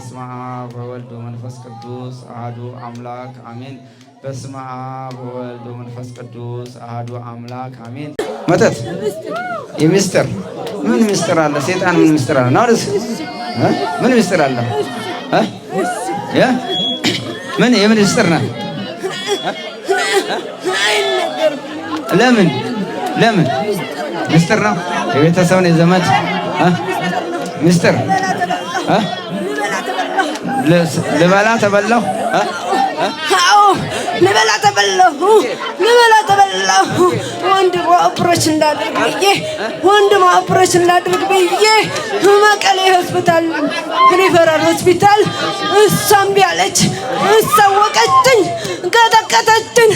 በስመ አብ ወወልድ ወመንፈስ ቅዱስ አሐዱ አምላክ አሜን። በስመ አብ ወወልድ ወመንፈስ ቅዱስ አሐዱ አምላክ አሜን። መተት የሚስጥር ምን ምስጥር አለ? ሴጣን ምን ሚስጥር አለ? ናርስ ምን ምስጥር አለ? ምን የምን ምስጥር ነው? ለምን ለምን ምስጥር ነው? የቤተሰብን የዘመድ ምስጥር ልበላ ተበላሁ። አዎ ልበላ ተበላሁ። ልበላ በበላሁ ወንድሟ ኦፕሬሽን እንዳድርግ ብዬ ወንድሟ ኦፕሬሽን እንዳድርግ ብዬ መቀሌ ሆስፒታል ሪፈራል ሆስፒታል እሷ እምቢ አለች። እሳወቀችኝ፣ ቀጠቀጠችኝ።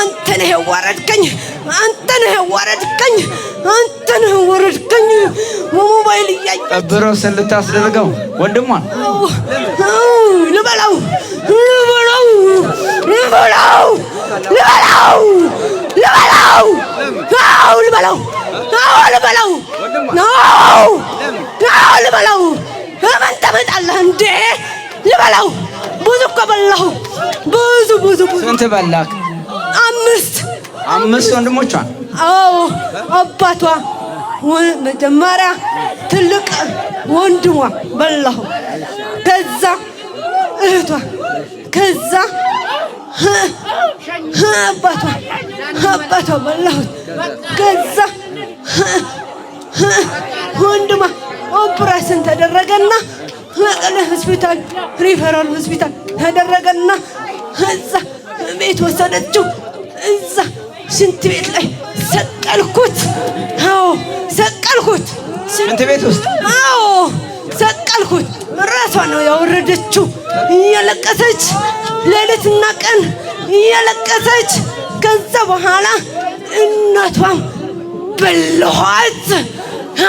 አንተ ነህ ያዋረድከኝ፣ አንተ ነህ ያዋረድከኝ፣ አንተ ነህ ያዋረድከኝ። በሞባይል እያየች ቀብረው ስልታስደርገው ወንድሟን ልበላው ልበላው ልበላው ልበላው ልበላው ነው ልበላው ነው ልበላው ነው ነው ልበላው ለምን እንዴ? ልበላው ብዙ እኮ በላሁ። ብዙ ብዙ ብዙ ስንት በላክ? አምስት አምስት ወንድሞቿን። አዎ አባቷ መጀመሪያ ትልቅ ወንድሟ በላሁ፣ ከዛ እህቷ ከዛ አባቷ አባቷ በላሁት። ከዛ ወንድማ ኦፕራሽን ተደረገና መቀለ ሆስፒታል ሪፈራል ሆስፒታል ተደረገና እዛ ቤት ወሰደችው። እዛ ሽንት ቤት ላይ ሰቀልኩት። አዎ ሰቀልኩት፣ ሽንት ቤት ውስጥ አዎ ሰቀልኩት። ራሷ ነው ያወረደችው እየለቀሰች ሌሊትና ቀን እየለቀሰች። ከዛ በኋላ እናቷ በለኋት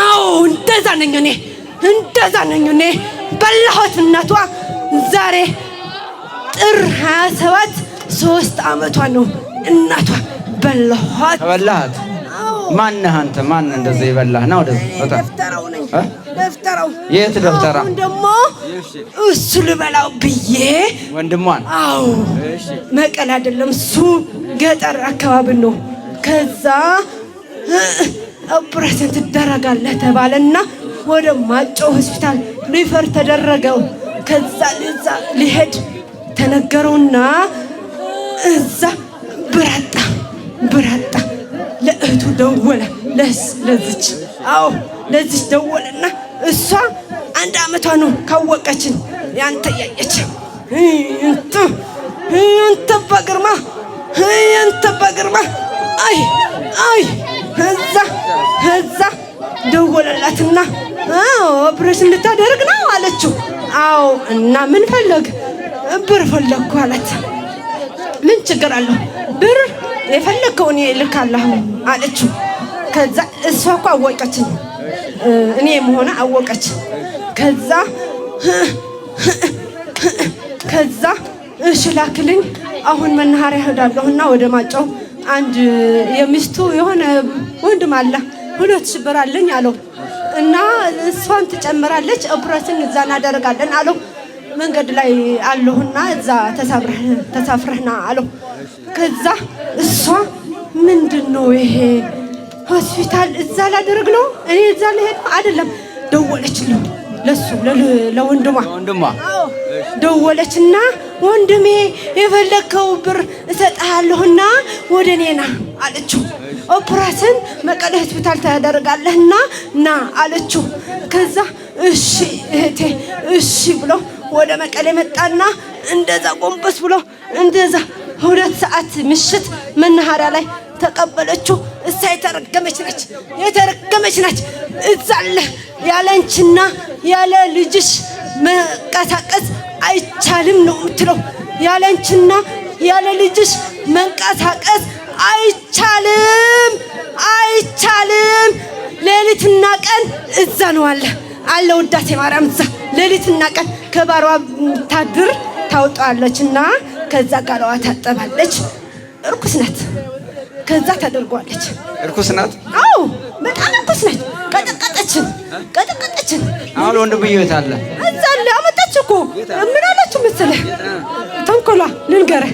አዎ እንደዛ ነኝ እኔ እንደዛ ነኝ እኔ በላኋት። እናቷ ዛሬ ጥር 27 ሶስት አመቷ ነው እናቷ በላኋት። በላሃት ማነህ አንተ? ማን እንደዚህ ይበላህ ነው ወደ ደፍተራው የት ደፍተራ ደግሞ እሱ ልበላው ብዬ ወንድሟን። አዎ መቀሌ አይደለም እሱ ገጠር አካባቢ ነው። ከዛ ኦፕሬሽን ትደረጋለህ ተባለና ወደ ማጮ ሆስፒታል ሪፈር ተደረገው። ከዛ ለዛ ሊሄድ ተነገረውና እዛ ብራጣ ብራጣ ለእህቱ ደወለ ለዚች አዎ ለዚህ ደወልና እሷ አንድ አመቷ ነው ካወቀችን ያንተ እያየች እንት እንት በግርማ እንት በግርማ አይ አይ እዛ እዛ ደወለላትና አዎ ኦፕሬሽን ልታደርግ ነው አለችው። አዎ እና ምን ፈለግ? ብር ፈለግኩ አላት። ምን ችግር አለው ብር የፈለግከውን ይልካለሁ አለችው። ከዛ እሷ እኮ አወቀችኝ፣ እኔ መሆነ አወቀች። ከዛ ከዛ እሺ ላክልኝ አሁን መናኸሪያ እሄዳለሁና ወደ ማጨው አንድ የሚስቱ የሆነ ወንድም አለ ሁለት ሺህ ብር አለኝ አለው እና እሷን ትጨምራለች ኦፕሬሽን እዛ እናደርጋለን አለው። መንገድ ላይ አለሁና እዛ ተሳፍረህና አለው። ከዛ እሷ ምንድን ነው ይሄ ሆስፒታል እዛ ላደረግ ነው እኔ እዛ ልሄድ አይደለም። ደወለችልኝ ለሱ ለወንድሟ ደወለችና ወንድሜ የፈለግከው ብር እሰጥሃለሁና ወደ እኔ ና አለችው። ኦፕራሽን መቀሌ ሆስፒታል ታደርጋለህና ና አለችው። ከዛ እሺ እህቴ እሺ ብሎ ወደ መቀሌ መጣና እንደዛ ጎንበስ ብሎ እንደዛ ሁለት ሰዓት ምሽት መናኸሪያ ላይ ተቀበለችው። እሷ የተረገመች ነች፣ የተረገመች ነች። እዛለ ያለንችና ያለ ልጅሽ መንቀሳቀስ አይቻልም ነው የምትለው። ያለንችና ያለ ልጅሽ መንቀሳቀስ አይቻልም፣ አይቻልም። ሌሊትና ቀን እዛ ነው አለ አለ ውዳሴ ማርያም እዛ ሌሊትና ቀን ከባሯ ታድር ታውጣለችና ከዛ ጋለዋ ታጠባለች። እርኩስ ናት። ከዛ ተደርጓለች። እርኩስ ናት። አዎ በጣም እርኩስ ናት ቀጠቀጠችን ቀጠቀጠችን። አሁን ወንድምዬ የት አለ? እዛ አለ። አመጣች እኮ ምን አለችው መሰለህ? ተንኮሏ ልንገረህ።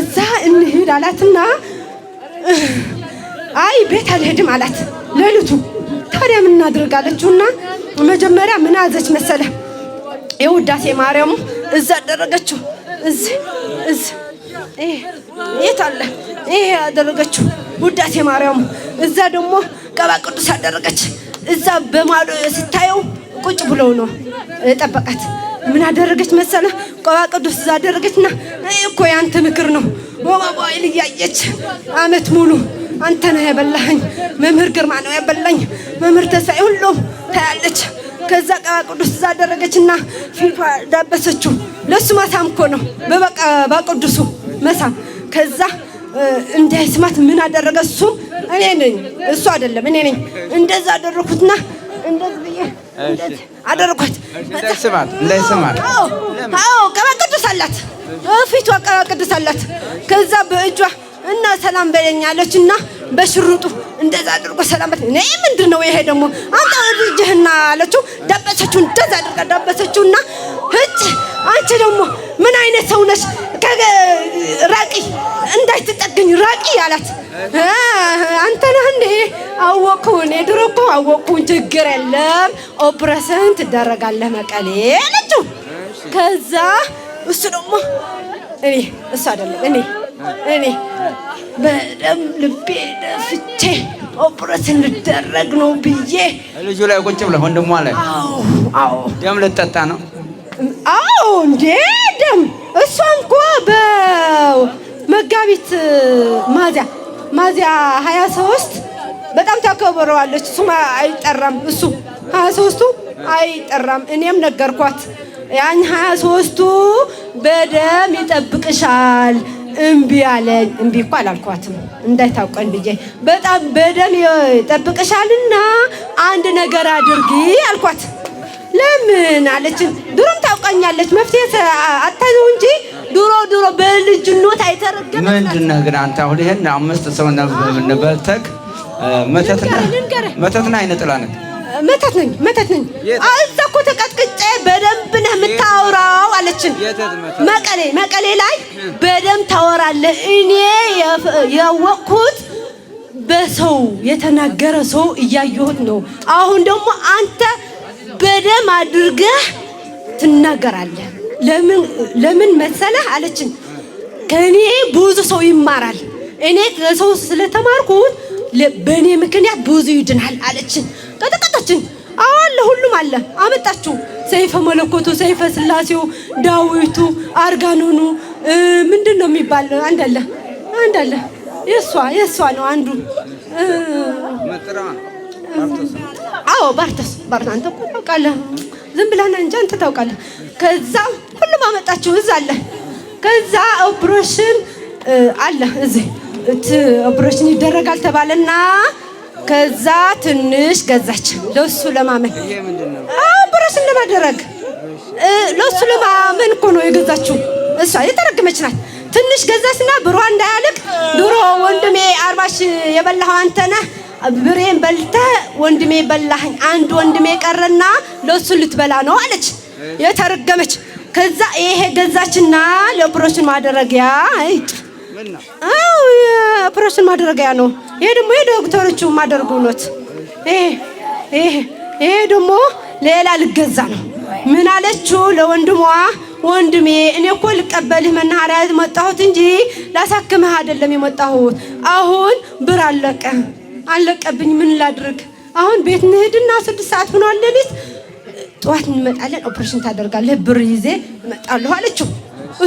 እዛ እንሂድ አላትና አይ ቤት አልሄድም አላት። ሌሊቱ ታዲያ ምን እናድርግ አለችውና መጀመሪያ ምን አዘች መሰለህ? የውዳሴ ማርያሙ እዛ አደረገችው። እዚህ እዚህ የት አለ ይሄ ያደረገችው ውዳሴ ማርያም፣ እዛ ደግሞ ቀባ ቅዱስ ያደረገች እዛ በማዶ ስታየው ቁጭ ብለው ነው ጠበቃት። ምን አደረገች መሰለ? ቀባ ቅዱስ እዛ አደረገችና እኮ ያንተ ምክር ነው ሞባይል እያየች አመት ሙሉ አንተ ነህ ያበላኸኝ፣ መምህር ግርማ ነው ያበላኝ፣ መምህር ተስፋዬ ሁሉም ታያለች። ከዛ ቀባ ቅዱስ እዛ አደረገችና ፊቷ ዳበሰችው። ለሱ መሳም እኮ ነው በበቃ ቅዱሱ መሳም ከዛ እንዳይስማት ምን አደረገ? እሱ እኔ ነኝ፣ እሱ አይደለም፣ እኔ ነኝ። እንደዛ አደረኩትና እንደዚህ ብዬ አደረኳት። እንዳይስማት እንዳይስማት። አዎ ቀባ ቅዱስ አላት፣ ፊቷ ቀባ ቅዱስ አላት። ከዛ በእጇ እና ሰላም በለኝ አለችና በሽሩጡ እንደዛ አድርጎ ሰላም እኔ ምንድን ነው ይሄ ደግሞ አንተ ልጅህና አለችው። ዳበሰችው፣ እንደዛ አድርጋ ዳበሰችውና እጭ አንቺ ደግሞ ምን አይነት ሰው ነሽ? ራቂ፣ እንዳይትጠግኝ ራቂ አላት። አንተ ነህ እንዴ? አወቅሁ እኔ ድሮ እኮ አወቅሁን። ችግር የለም ኦፕሬሽን ትደረጋለህ መቀሌ አለችው። ከዛ እሱ ደግሞ እኔ እሱ አይደለም እኔ እኔ በደም ልቤ ደፍቼ ኦፕሬት ልደረግ ነው ብዬ ልጁ ላይ ቁጭ ብለህ ወንድሟ ላይ ደም ልጠጣ ነው። አዎ እንዴ ደም እሷም እኮ በመጋቢት ማዚያ ማዚያ ሀያ ሶስት በጣም ታከብረዋለች። እሱ አይጠራም እሱ ሀያ ሶስቱ አይጠራም። እኔም ነገርኳት ያን ሀያ ሶስቱ በደም ይጠብቅሻል እምቢ አለኝ። እምቢ እኮ አላልኳትም እንዳይታውቀን ብዬ በጣም በደም ይጠብቅሻልና አንድ ነገር አድርጊ አልኳት። ለምን አለችን። ድሮም ታውቀኛለች። መፍትሄ አታየው እንጂ ድሮ ድሮ በልጅነት አይተረገም። ምንድን ነህ ግን አንተ አሁን ይሄን አምስት ሰው ነበተክ መተትና አይነጥላ ነው መተት ነኝ መተት ነኝ። እዛ እኮ ተቀጥቅጬ በደንብ ነህ የምታወራው አለችን። መቀሌ መቀሌ ላይ በደንብ ታወራለህ። እኔ ያወቅኩት በሰው የተናገረ ሰው እያየሁት ነው። አሁን ደግሞ አንተ በደም አድርገህ ትናገራለህ። ለምን ለምን መሰለህ አለችን። ከኔ ብዙ ሰው ይማራል። እኔ ከሰው ስለተማርኩት በእኔ ምክንያት ብዙ ይድናል አለችን። ቀጠቀጠችኝ። አዋለ ሁሉም አለ አመጣችሁ። ሰይፈ መለኮቱ፣ ሰይፈ ስላሴው፣ ዳዊቱ፣ አርጋኖኑ ምንድን ነው የሚባል አንድ አለ አንድ አለ። የእሷ የእሷ ነው አንዱ። አዎ ባርተስ ባርታ አንተ እኮ ታውቃለህ። ዝም ብላና እንጂ አንተ ታውቃለህ። ከዛ ሁሉም አመጣችሁ እዛ አለ። ከዛ ኦፕሬሽን አለ እዚህ ኦፕሬሽን ይደረጋል ተባለና ከዛ ትንሽ ገዛች ለሱ ለማመን አሁን ብረስን እንደማደረግ ለሱ ለማመን እኮ ነው የገዛችው። እሷ የተረገመች ናት። ትንሽ ገዛችና ብሯ እንዳያልቅ ድሮ ወንድሜ አርባሽ የበላኸው አንተ ነህ ብሬን በልተ ወንድሜ በላኸኝ፣ አንድ ወንድሜ ቀረና ለሱ ልትበላ ነው አለች። የተረገመች ከዛ ይሄ ገዛችና ለብሮችን ማደረጊያ አዎ የኦፕሬሽን ማድረጊያ ነው። ይሄ ደግሞ የዶክተሮቹ ማደርጉ ኖት። ይሄ ደግሞ ሌላ ልገዛ ነው። ምን አለችው ለወንድሟ፣ ወንድሜ እኔ እኮ ልቀበልህ መናኸሪያ መጣሁት እንጂ ላሳክምህ አይደለም የመጣሁት። አሁን ብር አለቀ አለቀብኝ፣ ምን ላድርግ አሁን? ቤት እንሂድና ስድስት ሰዓት ሆኗል ሌሊት። ጠዋት እንመጣለን፣ ኦፕሬሽን ታደርጋለህ፣ ብር ይዤ እመጣለሁ አለችው።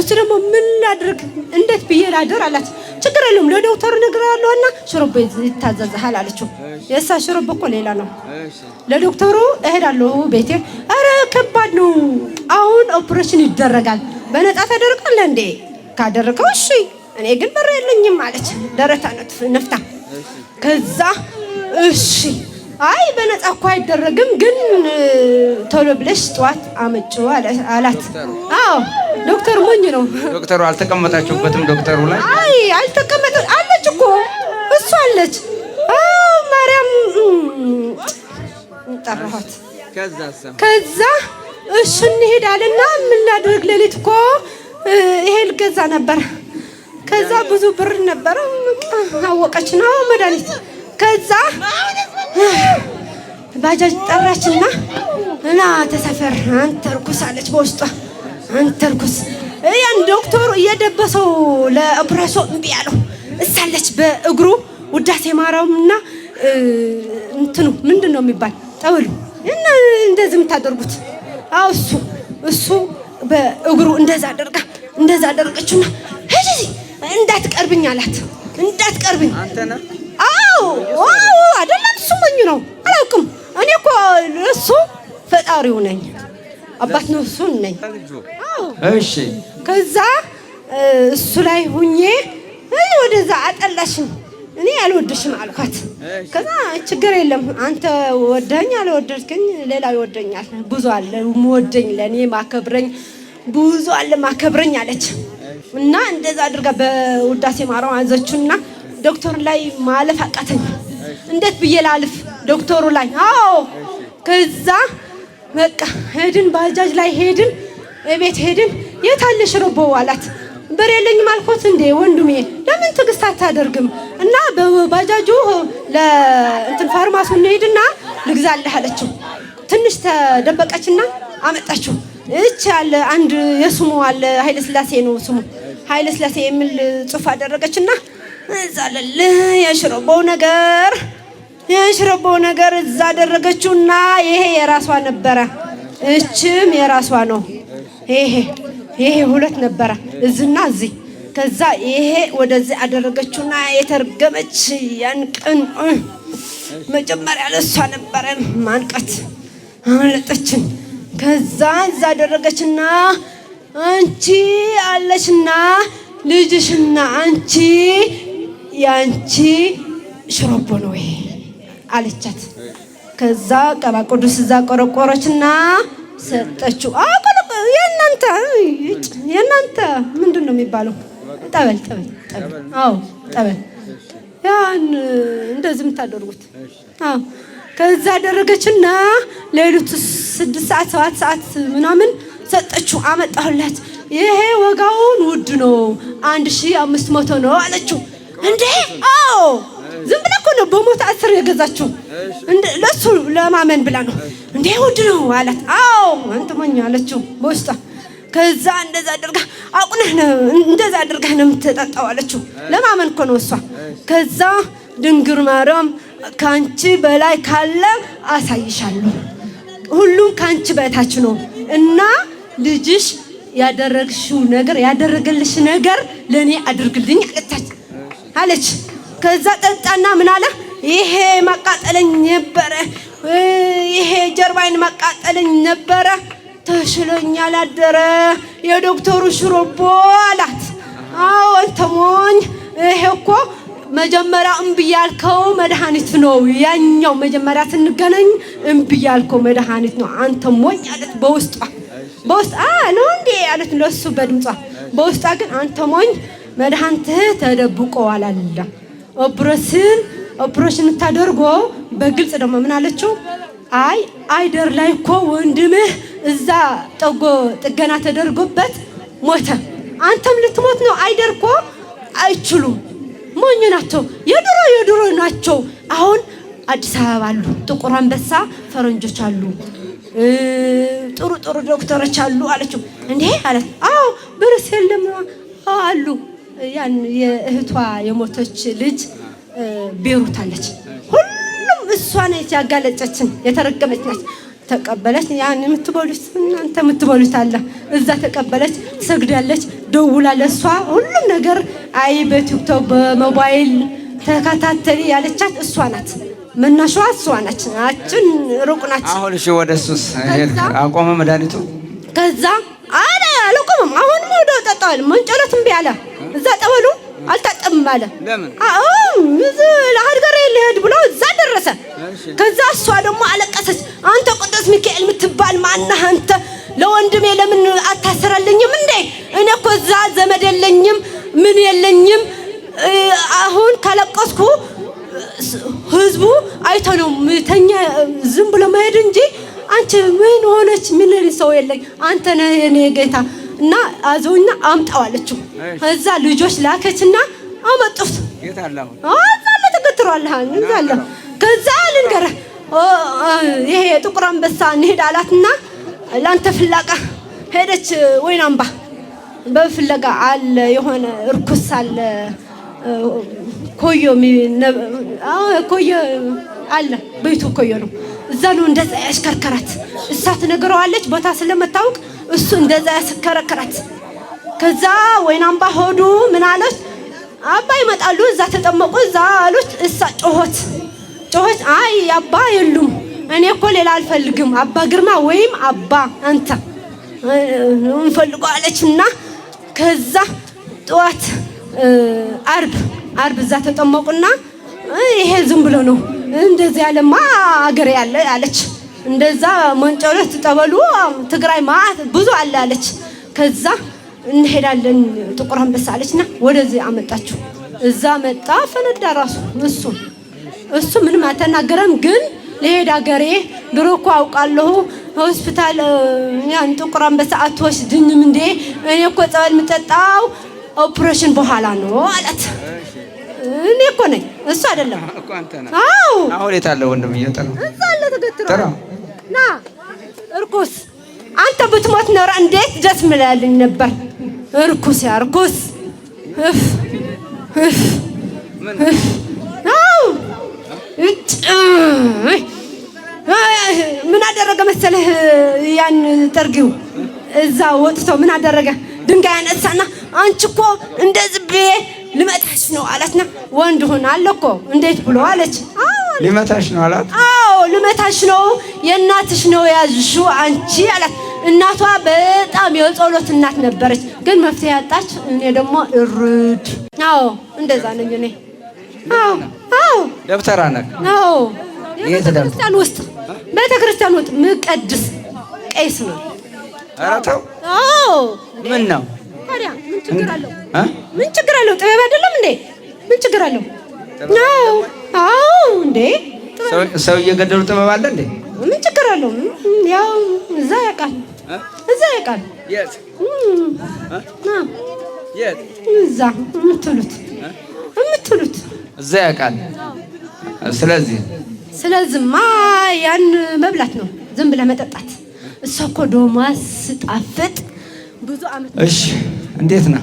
እሱ ደግሞ ምን ላድርግ፣ እንዴት ብዬ ላድር አላት። ችግር የለውም ለዶክተሩ ነግሬዋለሁ እና ሽሩብ ይታዘዝሃል አለችው። የእሳ ሽሩብ እኮ ሌላ ነው። ለዶክተሩ እሄዳለሁ ቤቴ። አረ ከባድ ነው፣ አሁን ኦፕሬሽን ይደረጋል። በነጣ ታደርጋለህ እንዴ? ካደረገው እሺ፣ እኔ ግን በር የለኝም አለች። ደረታ ነፍታ ከዛ እሺ አይ በነፃ እኮ አይደረግም፣ ግን ቶሎ ብለሽ ጠዋት አመጪው አላት። አዎ ዶክተር ሞኝ ነው። ዶክተሩ አልተቀመጣችሁበትም? ዶክተሩ ላይ አይ አልተቀመጠ አለች እኮ እሱ አለች። አዎ ማርያም ጠራኋት። ከዛ እሱ እንሄድ አለና ምን ላድርግ፣ ሌሊት እኮ ይሄ ገዛ ነበር። ከዛ ብዙ ብር ነበረ፣ አወቀች ነው መድኃኒት ከዛ ባጃጅ ጠራችና እና ተሰፈር አንተ ርኩስ አለች በውስጧ አንተ ርኩስ ያን ዶክተሩ እየደበሰው ለኦፕሬሶ እምቢ ያለው እሳለች በእግሩ ውዳሴ ማርያምና እንትኑ ምንድን ነው የሚባል ጠውሉ እና እንደዚህ የምታደርጉት አዎ እሱ እሱ በእግሩ እንደዛ አደርጋ እንደዛ አደረገችውና እንዳትቀርብኝ አላት። እንዳትቀርብኝ አንተና አይደለም እሱ መኝ ነው አላውቅም። እኔ እኮ እሱ ፈጣሪው ነኝ፣ አባት ነው እሱ ነኝ። እሺ ከዛ እሱ ላይ ሁኜ ወደዛ አጠላሽም እኔ አልወደሽም አልኳት። ከዛ ችግር የለም አንተ ወደኝ አልወደድክኝ፣ ሌላ ይወደኛል ብዙ አለ የምወደኝ ለእኔ ማከብረኝ ብዙ አለ ማከብረኝ አለች እና እንደዛ አድርጋ በውዳሴ ማርያም አዘችውና ዶክተር ላይ ማለፍ አቃተኝ። እንዴት ብዬ ላልፍ ዶክተሩ ላይ? አዎ ከዛ በቃ ሄድን፣ ባጃጅ ላይ ሄድን፣ ቤት ሄድን። የት አለ ሽሮቦ አላት። ብር የለኝም አልኩት። እንዴ ወንድሜ ለምን ትዕግስት አታደርግም? እና በባጃጁ ለእንትን ፋርማሱ እንሄድና ልግዛልህ አለችው። ትንሽ ተደበቀችና አመጣችው። እች ያለ አንድ የስሙ አለ ኃይለ ስላሴ ነው ስሙ ኃይለ ስላሴ የሚል ጽሑፍ አደረገችና እዛለልህ የሽረቦው ነገር የሽረቦው ነገር እዛ አደረገችውና ይሄ የራሷ ነበረ፣ እችም የራሷ ነው። ይሄ ይሄ ሁለት ነበረ እዚህና እዚህ። ከዛ ይሄ ወደዚህ አደረገችውና የተረገመች ያን ቀን መጀመሪያ ለሷ ነበረ ማንቀት አመለጠችን። ከዛ እዛ አደረገችና አንቺ አለሽና ልጅሽና አንቺ የአንቺ ሽሮቦ ነው አለቻት። ከዛ ቀባ ቅዱስ እዛ ቆረቆረችና ሰጠችው። የእናንተ የእናንተ ምንድን ነው የሚባለው? ጠበል ጠበል ጠበል። አዎ ጠበል፣ ያን እንደዚህ የምታደርጉት አዎ። ከዛ አደረገችና ሌሊቱ ስድስት ሰዓት ሰባት ሰዓት ምናምን ሰጠችው። አመጣሁላት። ይሄ ወጋውን ውድ ነው አንድ ሺህ አምስት መቶ ነው አለችው። እንዴ? አዎ፣ ዝም ብላ እኮ ነው በሞት አስር የገዛችው። ለሱ ለማመን ብላ ነው። እንዴ ውድ ነው አላት። አዎ አንተ ሞኝ አለችው በውስጧ። ከዛ እንደዛ አድርጋ አቁነህ ነው እንደዛ አድርጋህ ነው የምትጠጣው አለችው። ለማመን እኮ ነው እሷ። ከዛ ድንግል ማርያም ከአንቺ በላይ ካለ አሳይሻለሁ፣ ሁሉም ከአንቺ በታች ነው እና ልጅሽ ያደረግሽው ነገር ያደረገልሽ ነገር ለእኔ አድርግልኝ አለቻት። አለች። ከዛ ጠጣና ምን አለ? ይሄ ማቃጠለኝ ነበረ፣ ይሄ ጀርባይን ማቃጠለኝ ነበረ፣ ተሽሎኛል አደረ የዶክተሩ ሽሮቦ አላት። አዎ አንተ ሞኝ፣ ይሄ እኮ መጀመሪያ እምቢ ያልከው መድኃኒት ነው። ያኛው መጀመሪያ ስንገናኝ እምቢ ያልከው መድኃኒት ነው። አንተ ሞኝ አለት በውስጧ በውስጥ ነው እንዴ አለት ለሱ በድምጿ በውስጧ ግን አንተ ሞኝ መድኃኒትህ ተደብቆ አላለ። ኦፕሬሽን ኦፕሬሽን ታደርጎ በግልጽ ደግሞ ምን አለችው? አይ አይደር ላይ እኮ ወንድምህ እዛ ጠጎ ጥገና ተደርጎበት ሞተ። አንተም ልትሞት ነው። አይደር እኮ አይችሉም፣ ሞኝ ናቸው። የድሮ የድሮ ናቸው። አሁን አዲስ አበባ አሉ፣ ጥቁር አንበሳ ፈረንጆች አሉ፣ ጥሩ ጥሩ ዶክተሮች አሉ አለችው። እንዴ አለ አዎ ብርስ የለም አሉ ያን የእህቷ የሞተች ልጅ ቤሩት አለች። ሁሉም እሷ ነች ያጋለጨችን፣ የተረገመች ናት። ተቀበለች። ያን የምትበሉት እናንተ የምትበሉት አለ እዛ ተቀበለች፣ ትሰግዳለች፣ ደውላለች። እሷ ሁሉም ነገር አይ በቲክቶክ በሞባይል ተከታተል ያለቻት እሷ ናት። መናሸዋ እሷ ናች። አችን ሩቅ ናች። አሁን እሺ፣ ወደ እሱስ አቆመ መድኃኒቱ። ከዛ አለ አልቆመም። አሁንም ወደ ጠጣዋል መንጨሎት እምቢ አለ እዛ ጠበሉ አልታጠብም አለ። አዎ ለአህድ ጋር ልሄድ ብሎ እዛ ደረሰ። ከዛ እሷ ደግሞ አለቀሰች። አንተ ቅዱስ ሚካኤል የምትባል ማነህ አንተ? ለወንድሜ ለምን አታሰራለኝም እንዴ? እኔ እኮ እዛ ዘመድ የለኝም ምን የለኝም። አሁን ከለቀስኩ ህዝቡ አይቶ ነው ተኛ ዝም ብሎ መሄድ እንጂ አንቺ ምን ሆነች? ምን ሰው የለኝ አንተ ነህ የኔ ጌታ እና አዘውና አምጣው አለችው። እዛ ልጆች ላከችና አመጡት። አዛለ ተገትሯል ዛለ ከዛ ልንገረ ይሄ ጥቁር አንበሳ እንሄድ አላትና ለአንተ ፍላቃ ሄደች። ወይን አምባ በፍለጋ አለ የሆነ እርኩስ አለ ኮዮ ኮዮ አለ ቤቱ ኮዮ ነው። እዛ ነው እንደዛ ያሽከርከራት እሳት ነገረዋለች ቦታ ስለመታወቅ እሱ እንደዛ ያስከረከራት። ከዛ አምባ ሆዱ ምን አለች? አባ ይመጣሉ እዛ ተጠመቁ እዛ አሉት። እሳ ጮሆት ጮሆት አይ አባ የሉም እኔ እኮ ሌላ አልፈልግም አባ ግርማ ወይም አባ አንተ እንፈልገዋለች እና ከዛ ጠዋት አርብ አርብ እዛ ተጠመቁና ይሄ ዝም ብሎ ነው እንደዚህ ያለማ አገር ያለ አለች። እንደዛ መንጨረት ጠበሉ ትግራይ ማአት ብዙ አለ አለች። ከዛ እንሄዳለን ጥቁር አንበሳ አለችና ወደዚህ አመጣችሁ። እዛ መጣ ፈነዳ ራሱ እሱ እሱ ምንም አልተናገረም። ግን ለሄድ ሀገሬ ድሮ እኮ አውቃለሁ ሆስፒታል ያን ጥቁር አንበሳ ድንም እንዴ? እኔ እኮ ጸበል የምጠጣው ኦፕሬሽን በኋላ ነው አላት። እኔ እኮ ነኝ እሱ አይደለም። አዎ አሁን የት ወንድም እየጠራ እዛ አለ ተገትራ ና እርኩስ አንተ ብትሞት ኖረ እንዴት ደስ ምላልኝ ነበር። እርኩስ ያ እርኩስ ምን አደረገ መሰለህ? ያን ጠርጊው እዛ ወጥቶ ምን አደረገ? ድንጋይ አነሳና አንቺ እኮ እንደ ዝብዬ ልመታሽ ነው አላትና ወንድ ሆን አለ እኮ እንዴት ብሎ አለች። ልመታሽ ነው አላት። አዎ ልመታሽ ነው የእናትሽ ነው የያዝሽው አንቺ አላት። እናቷ በጣም የጸሎት እናት ነበረች፣ ግን መፍትሄ ያጣች። እኔ ደግሞ እርድ። አዎ እንደዛ ነኝ እኔ። አዎ አዎ ደብተራ ነህ። አዎ ቤተክርስቲያን ውስጥ ቤተክርስቲያን ውስጥ ምቀድስ ቄስ ነው። ኧረ ተው። አዎ ምን ነው ታዲያ ምን ችግር አለው? ምን ችግር አለው? ጥበብ አይደለም እንዴ? ምን ችግር አለው? አዎ አዎ፣ እንዴ ሰው እየገደሉ ጥበብ አለ እንዴ? ምን ችግር አለው? ያው እዛ ያውቃል፣ እዛ ያውቃል። እዛ የምትሉት የምትሉት እዛ ያውቃል። ስለዚህ ስለዚህማ ያን መብላት ነው፣ ዝም ብለህ መጠጣት። እሷ እኮ ዶማ ስጣፍጥ ብዙ አመት። እሺ እንዴት ነው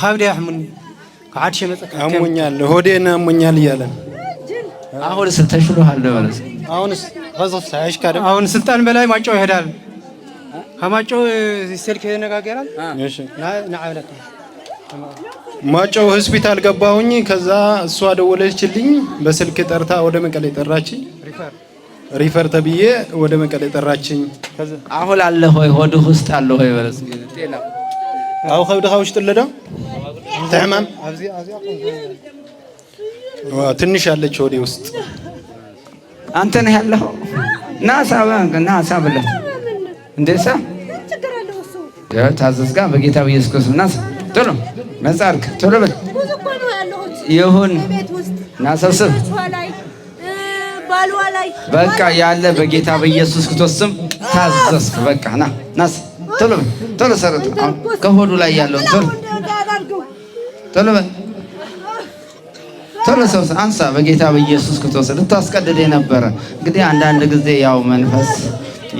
ካብዲ ያሕሙኒ ካብ አሞኛል፣ ሆዴን አሞኛል እያለ አሁንስ ተሽሎሃል ነበረስ? አሁንስ አሁን ስልጣን በላይ ማጫው ይሄዳል። ከማጫው ስልክ ይነጋገራል። ማጫው ሆስፒታል ገባሁኝ። ከዛ እሷ ደወለችልኝ በስልክ ጠርታ ወደ መቀሌ ጠራችኝ። ሪፈር ተብዬ ወደ መቀሌ ጠራችኝ። አሁን አለ ሆይ ሆድህ ውስጥ አለ ሆይ በለስ ጤና ኣብኡ ከብድኻ ውሽጢ ኣሎ ዶ እቲ ሕማም ትንሽ አለች ወዲ ውስጥ አንተ ነህ ያለኸው ና ሳና ሳብለት እንደ ሳ ታዘዝጋ በጌታ በኢየሱስ ክርስቶስ ና ቶሎ መጻርክ ቶሎ በል ይሁን ናሰብስብ በቃ ያለ በጌታ በኢየሱስ ክርስቶስ ታዘዝክ። በቃ ናስ ቶሎ ቶሎ ሰረቱ ከሆዱ ላይ ያለውን ቶሎ ቶሎ ቶሎ ሰው አንሳ። በጌታ በኢየሱስ ክርስቶስ ልታስቀድድ የነበረ እንግዲህ አንዳንድ ጊዜ ያው መንፈስ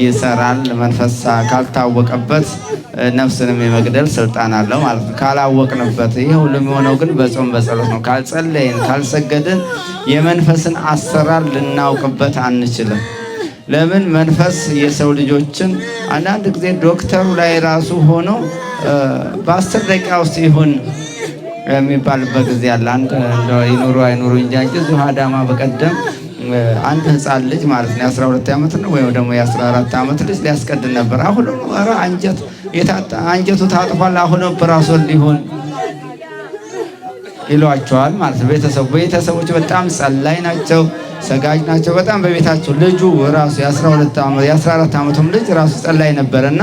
ይሰራል። መንፈስ ካልታወቀበት ነፍስንም የመግደል ስልጣን አለው ማለት ነው፣ ካላወቅንበት። ይህ ሁሉም የሆነው ግን በጾም በጸሎት ነው። ካልጸለይን፣ ካልሰገድን የመንፈስን አሰራር ልናውቅበት አንችልም። ለምን መንፈስ የሰው ልጆችን አንዳንድ ጊዜ ዶክተሩ ላይ ራሱ ሆኖ በአስር ደቂቃ ውስጥ ይሁን የሚባልበት ጊዜ አለ። ይኑሩ አይኑሩ እንጃ እንጂ እዚሁ አዳማ በቀደም አንድ ህፃን ልጅ ማለት ነው የአስራ ሁለት ዓመት ነው ወይም ደግሞ የአስራ አራት ዓመት ልጅ ሊያስቀድም ነበር። አሁንም ኧረ አንጀቱ ታጥፏል። አሁንም በራሶን ሊሆን ይሏቸዋል ማለት ነው። ቤተሰቡ ቤተሰቦች በጣም ጸላይ ናቸው፣ ሰጋጅ ናቸው። በጣም በቤታቸው ልጁ ራሱ የ14 ዓመቱም ልጅ ራሱ ጸላይ ነበረና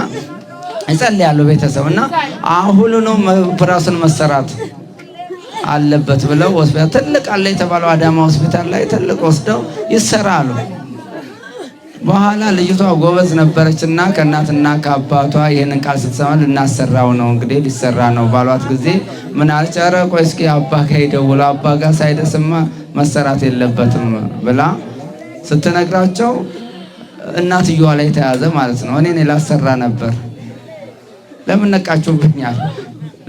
ይጸል ያለው ቤተሰብ እና አሁኑም ራሱን መሰራት አለበት ብለው ትልቅ አለ የተባለው አዳማ ሆስፒታል ላይ ትልቅ ወስደው ይሰራሉ። በኋላ ልጅቷ ጎበዝ ነበረችና ከእናትና ከአባቷ ይህንን ቃል ስትሰማ ልናሰራው ነው እንግዲህ ሊሰራ ነው ባሏት ጊዜ ምን አለች? ኧረ ቆይ እስኪ አባ ጋር ይደውሉ፣ አባ ጋር ሳይደስማ መሰራት የለበትም ብላ ስትነግራቸው እናትየዋ ላይ ተያዘ ማለት ነው። እኔ ላሰራ ነበር፣ ለምን ነቃችሁብኛል?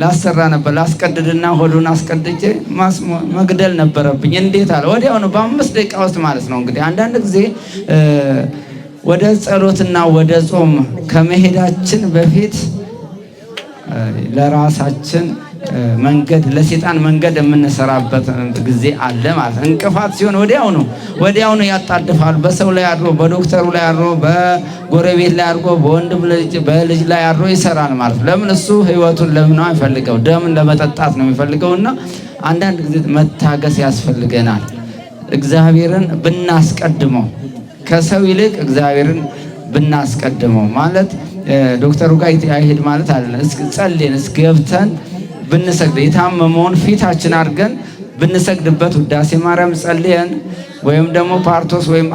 ላሰራ ነበር፣ ላስቀድድና ሆዱን አስቀድጄ መግደል ነበረብኝ። እንዴት አለ ወዲያውኑ፣ በአምስት ደቂቃ ውስጥ ማለት ነው። እንግዲህ አንዳንድ ጊዜ ወደ ጸሎትና ወደ ጾም ከመሄዳችን በፊት ለራሳችን መንገድ ለሴጣን መንገድ የምንሰራበት ጊዜ አለ ማለት እንቅፋት ሲሆን ወዲያው ነው ወዲያው ነው ያጣድፋሉ። በሰው ላይ አድሮ፣ በዶክተሩ ላይ አድሮ፣ በጎረቤት ላይ አድሮ፣ በወንድም በልጅ ላይ አድሮ ይሰራል ማለት ለምን እሱ ህይወቱን ለምን አይፈልገው? ደምን ለመጠጣት ነው የሚፈልገው። እና አንዳንድ ጊዜ መታገስ ያስፈልገናል። እግዚአብሔርን ብናስቀድመው ከሰው ይልቅ እግዚአብሔርን ብናስቀድመው ማለት ዶክተሩ ጋር አይሄድ ማለት አይደለም። ጸልየን ገብተን ብንሰግድ የታመመውን ፊታችን አድርገን ብንሰግድበት ውዳሴ ማርያም ጸልየን ወይም ደግሞ ፓርቶስ ወይም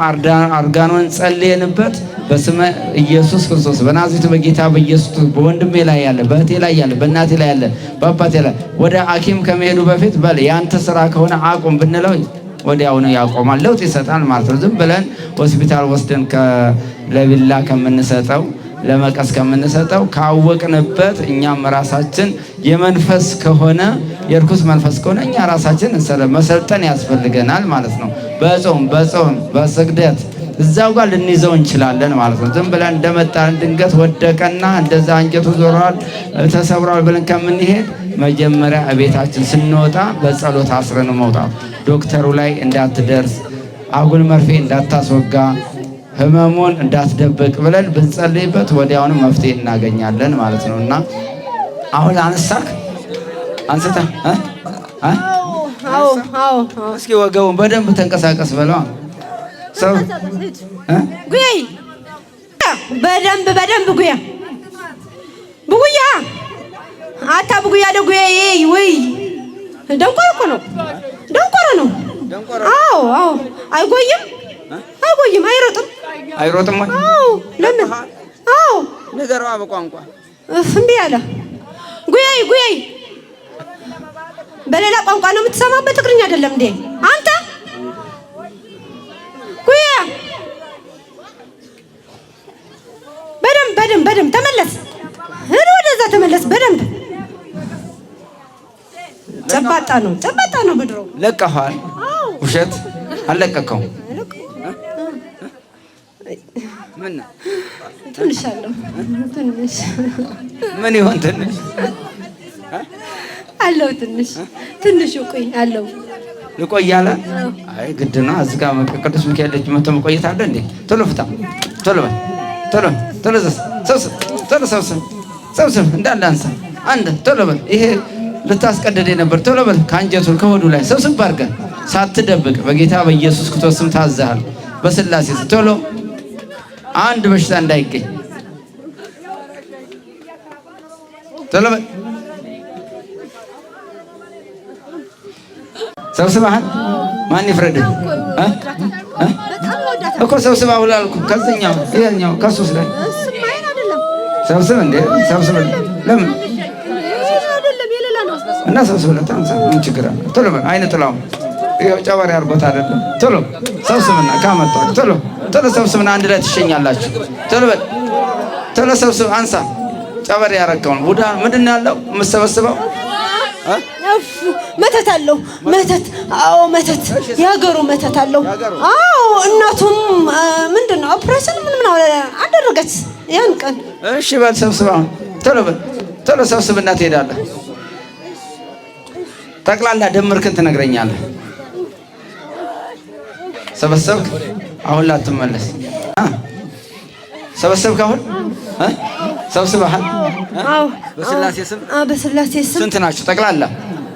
አርጋኖን ጸልየንበት በስመ ኢየሱስ ክርስቶስ በናዝሬቱ በጌታ በኢየሱስ በወንድሜ ላይ ያለ በእህቴ ላይ ያለ በእናቴ ላይ ያለ በአባቴ ላይ ወደ ሐኪም ከመሄዱ በፊት በል ያንተ ስራ ከሆነ አቁም ብንለው ወዲያውኑ ያቆማል፣ ለውጥ ይሰጣል ማለት ነው። ዝም ብለን ሆስፒታል ወስደን ለቢላ ከምንሰጠው ለመቀስ ከምንሰጠው ካወቅንበት እኛም ራሳችን የመንፈስ ከሆነ የርኩስ መንፈስ ከሆነ እኛ ራሳችን እንሰለ መሰልጠን ያስፈልገናል ማለት ነው። በጾም በጾም በስግደት እዛው ጋር ልንይዘው እንችላለን ማለት ነው። ዝም ብለን እንደመጣን ድንገት ወደቀና እንደዛ አንጀቱ ዞሯል ተሰብሯል ብለን ከምንሄድ መጀመሪያ ቤታችን ስንወጣ በጸሎት አስረን መውጣት ዶክተሩ ላይ እንዳትደርስ፣ አጉል መርፌ እንዳታስወጋ፣ ህመሙን እንዳትደብቅ ብለን ብንጸልይበት ወዲያውኑ መፍትሄ እናገኛለን ማለት ነው እና አሁን አንሳክ አንስታ እስኪ ወገቡን በደንብ ተንቀሳቀስ በለዋ። ሰው በደንብ በደንብ ጉያ ብጉያ አታ ብጉያ ደጉያ ውይ ደንቆሮ እኮ ነው። ደንቆሮ ነው። አዎ አዎ። አይቆይም አይቆይም። አይሮጥም አይሮጥም። አዎ ለምን? አዎ ነገሯ በቋንቋ እምቢ አለ። ጉያይ ጉያይ በሌላ ቋንቋ ነው የምትሰማበት። ትግርኛ አይደለም እንዴ አንተ? ጉያ በደንብ በደንብ በደንብ ተመለስ፣ ወደዛ ተመለስ በደንብ ጨባጣ ነው፣ ጨባጣ ነው። በድሮ ለቀኋል። ውሸት አልለቀቀውም። ትንሽ አለው። ትንሽ ምን ይሆን? ትንሽ አለው። ትንሽ ትንሽ ቆይ አለው። ልቆይ አይ ግድ ነው። እዚህ ጋር ቅዱስ ሚካኤል ልጅ መቶ መቆየት አለ እንዴ? ቶሎ ፍታ፣ ቶሎ በል፣ ቶሎ ቶሎ፣ ሰብስብ፣ ቶሎ ሰብስብ፣ ሰብስብ፣ እንዳለ አንሳ፣ አንድ ቶሎ በል። ይሄ ልታስቀደደ ነበር። ቶሎ በል ከአንጀቱን ከሆዱ ላይ ሰብስብ አድርገህ ሳትደብቅ በጌታ በኢየሱስ ክርስቶስ ስም ታዘሃል። በስላሴ ቶሎ አንድ በሽታ እንዳይገኝ ቶሎ በል ሰብስባህን ማን ይፍረድ እኮ ሰብስባ ሁላልኩ ከዚህኛው ይኸኛው ከሱስ ላይ ሰብስብ እንዴ ሰብስብ ለምን እና ሰብስብለት ምን ችግር አለ? ቶሎ አይነ ጥላው ይኸው ጨበሬ አድርጎት አይደለም። ቶሎ ሰብስብና ካመጣ ቶሎ ቶሎ ሰብስብና አንድ ላይ ትሸኛላችሁ። ቶሎ በል ቶሎ ሰብስብ፣ አንሳ ጨበሬ ያረከውን ቡዳ ምንድን ያለው የምትሰበስበው? መተት አለው። መተት አዎ፣ መተት የሀገሩ መተት አለው። አዎ፣ እናቱም ምንድን ነው ኦፕሬሽን ምን ምን አደረገች ያን ቀን። እሺ በል ሰብስብ፣ አሁን ቶሎ በል ቶሎ ሰብስብና ትሄዳለህ ጠቅላላ ደምርክን ትነግረኛለህ። ሰበሰብክ? አሁን ላትመለስ ሰበሰብክ? አሁን ሰብስበሃል? በስላሴ ስም በስላሴ ስም ስንት ናችሁ ጠቅላላ?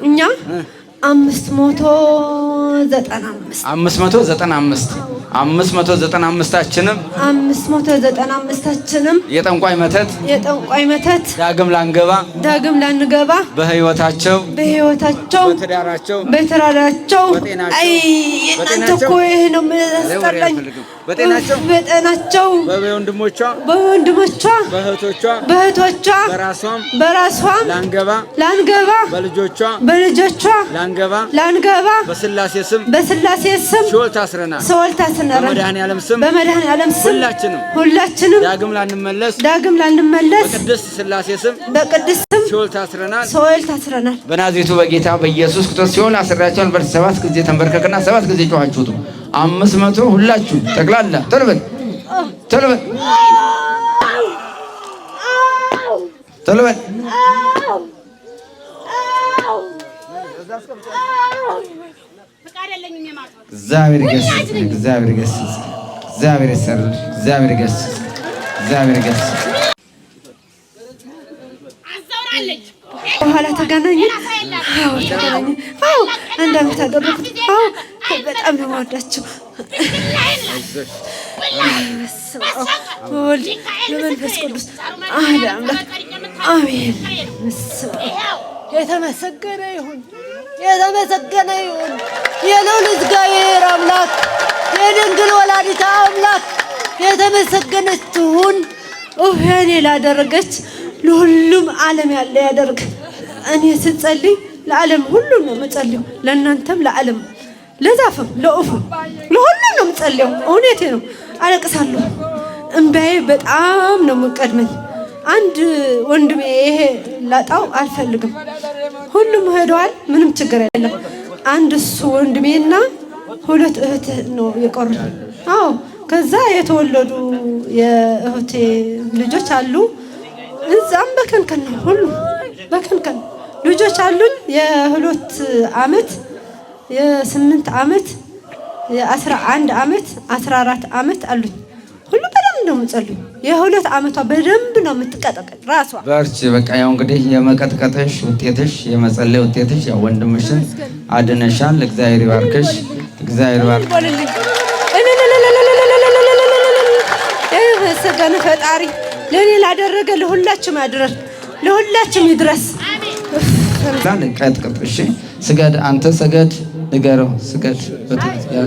እኛ አምስት መቶ ዘጠና አምስት አምስት መቶ ዘጠና አምስት አምስት መቶ ዘጠና አምስታችንም አምስት መቶ ዘጠና አምስታችንም የጠንቋይ መተት የጠንቋይ መተት ዳግም ላንገባ ዳግም ላንገባ በህይወታቸው በህይወታቸው በትዳራቸው በትዳራቸው አይ እናንተ እኮ ይሄ ነው የሚያስጠላኝ። በጤናቸው በጤናቸው በወንድሞቿ በወንድሞቿ በእህቶቿ በእህቶቿ በራሷም በራሷም ላንገባ ላንገባ በልጆቿ በልጆቿ ላንገባ ላንገባ በስላሴ ስም በስላሴ ስም ሲወል ታስረናል ሲወል ታስረናል በመድኃኔዓለም ስም በመድኃኔዓለም ስም ሁላችንም ሁላችንም ዳግም ላንመለስ ዳግም ላንመለስ በቅድስት ሥላሴ ስም በቅድስት ስም ሲኦል ታስረናል ሲኦል ታስረናል። በናዝሬቱ በጌታ በኢየሱስ ክርስቶስ ሲኦል አስሬያቸውን በል ሰባት ጊዜ ተንበርከክና ሰባት ጊዜ ጨዋችሁት አምስት መቶ ሁላችሁ ጠቅላላ ቶሎ በል ቶሎ እግዚአብሔር ይገስጽ፣ እግዚአብሔር ይገስጽ፣ እግዚአብሔር ይሰርል፣ እግዚአብሔር ይገስጽ፣ እግዚአብሔር ይገስጽ። በኋላ ተገናኘን። አዎ ተገናኘን። አዎ አንድ አመት አደረኩት። አዎ በጣም ነው የማወዳቸው። ወልድ በመንፈስ ቅዱስ አምላክ አሜን። የተመሰገነ ይሁን። የተመሰገነ ይሁን የልዑል እግዚአብሔር አምላክ የድንግል ወላዲታ አምላክ የተመሰገነች ትሁን። እኔ ላደረገች ለሁሉም ዓለም ያለ ያደርግ። እኔ ስጸልይ ለዓለም ሁሉ ነው የምጸልየው፣ ለእናንተም፣ ለዓለም፣ ለዛፍም፣ ለወፉም፣ ለሁሉም ነው የምጸልየው። እውነቴ ነው። አለቅሳለሁ። እምባዬ በጣም ነው የምቀድመኝ። አንድ ወንድሜ ይሄ ላጣው አልፈልግም ሁሉም ሄደዋል። ምንም ችግር የለም። አንድ እሱ ወንድሜና ሁለት እህት ነው የቀሩት። አዎ ከዛ የተወለዱ የእህቴ ልጆች አሉ። እዛም በከንከን ነው ሁሉ በከንከን ልጆች አሉኝ። የሁለት አመት፣ የስምንት አመት፣ የአስራ አንድ አመት፣ አስራ አራት አመት አሉኝ ሁሉ ነው የምጸልዩ። የሁለት ዓመቷ በደንብ ነው የምትቀጠቀጥ ራሷ በርች። በቃ ያው እንግዲህ የመቀጥቀጥሽ ውጤትሽ፣ የመጸለይ ውጤትሽ ያው ወንድምሽን አድነሻል። እግዚአብሔር ይባርክሽ። እግዚአብሔር ፈጣሪ ለእኔ ላደረገ ይድረስ። ቀጥቅጥ። እሺ ስገድ፣ አንተ ስገድ፣ ንገረው ስገድ